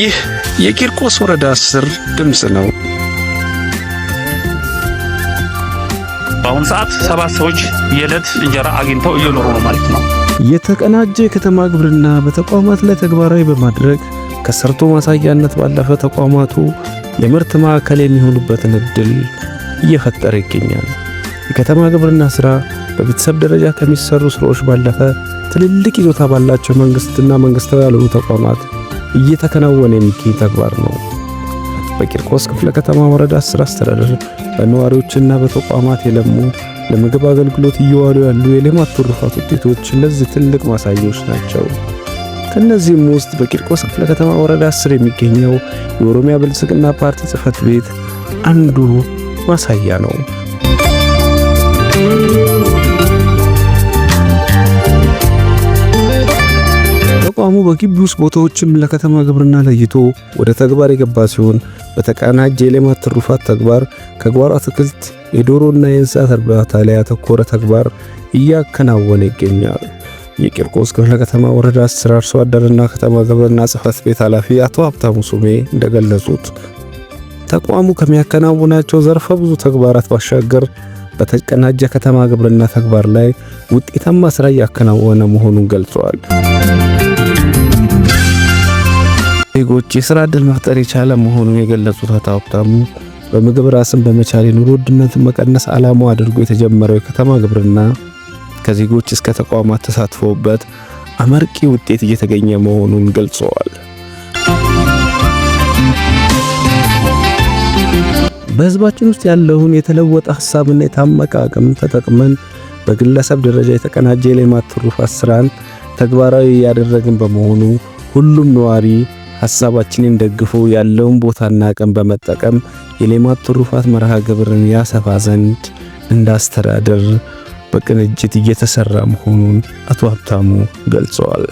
ይህ የቂርቆስ ወረዳ ስር ድምፅ ነው። በአሁኑ ሰዓት ሰባት ሰዎች የዕለት እንጀራ አግኝተው እየኖሩ ነው ማለት ነው። የተቀናጀ የከተማ ግብርና በተቋማት ላይ ተግባራዊ በማድረግ ከሰርቶ ማሳያነት ባለፈ ተቋማቱ የምርት ማዕከል የሚሆኑበትን እድል እየፈጠረ ይገኛል። የከተማ ግብርና ሥራ በቤተሰብ ደረጃ ከሚሰሩ ሥራዎች ባለፈ ትልልቅ ይዞታ ባላቸው መንግሥትና መንግሥታዊ ያልሆኑ ተቋማት እየተከናወነ የሚገኝ ተግባር ነው። በቂርቆስ ክፍለ ከተማ ወረዳ አስር አስተዳደር በነዋሪዎችና በተቋማት የለሙ ለምግብ አገልግሎት እየዋሉ ያሉ የሌማት ትሩፋት ውጤቶች ለዚህ ትልቅ ማሳያዎች ናቸው። ከእነዚህም ውስጥ በቂርቆስ ክፍለ ከተማ ወረዳ አስር የሚገኘው የኦሮሚያ ብልጽግና ፓርቲ ጽህፈት ቤት አንዱ ማሳያ ነው። ተቋሙ በግቢ ውስጥ ቦታዎችም ለከተማ ግብርና ለይቶ ወደ ተግባር የገባ ሲሆን በተቀናጀ የሌማት ትሩፋት ተግባር ከጓሮ አትክልት፣ የዶሮና የእንስሳት እርባታ ላይ ያተኮረ ተግባር እያከናወነ ይገኛል። የቂርቆስ ክፍለ ከተማ ወረዳ አስር አርሶ አደርና ከተማ ግብርና ጽሕፈት ቤት ኃላፊ አቶ ሀብታሙ ሱሜ እንደገለጹት ተቋሙ ከሚያከናውናቸው ዘርፈ ብዙ ተግባራት ባሻገር በተቀናጀ ከተማ ግብርና ተግባር ላይ ውጤታማ ስራ እያከናወነ መሆኑን ገልጸዋል። ዜጎች የስራ ዕድል መፍጠር የቻለ መሆኑን የገለጹት አቶ ሀብታሙ በምግብ ራስን በመቻል የኑሮ ውድነትን መቀነስ ዓላማው አድርጎ የተጀመረው የከተማ ግብርና ከዜጎች እስከ ተቋማት ተሳትፎበት አመርቂ ውጤት እየተገኘ መሆኑን ገልጸዋል። በህዝባችን ውስጥ ያለውን የተለወጠ ሀሳብና የታመቀ አቅም ተጠቅመን በግለሰብ ደረጃ የተቀናጀ የሌማት ትሩፋት ስራን ተግባራዊ እያደረግን በመሆኑ ሁሉም ነዋሪ ሀሳባችንን ደግፎ ያለውን ቦታና ቀን በመጠቀም የሌማት ትሩፋት መርሃ ግብርን ያሰፋ ዘንድ እንዳስተዳደር በቅንጅት እየተሰራ መሆኑን አቶ ሀብታሙ ገልጸዋል።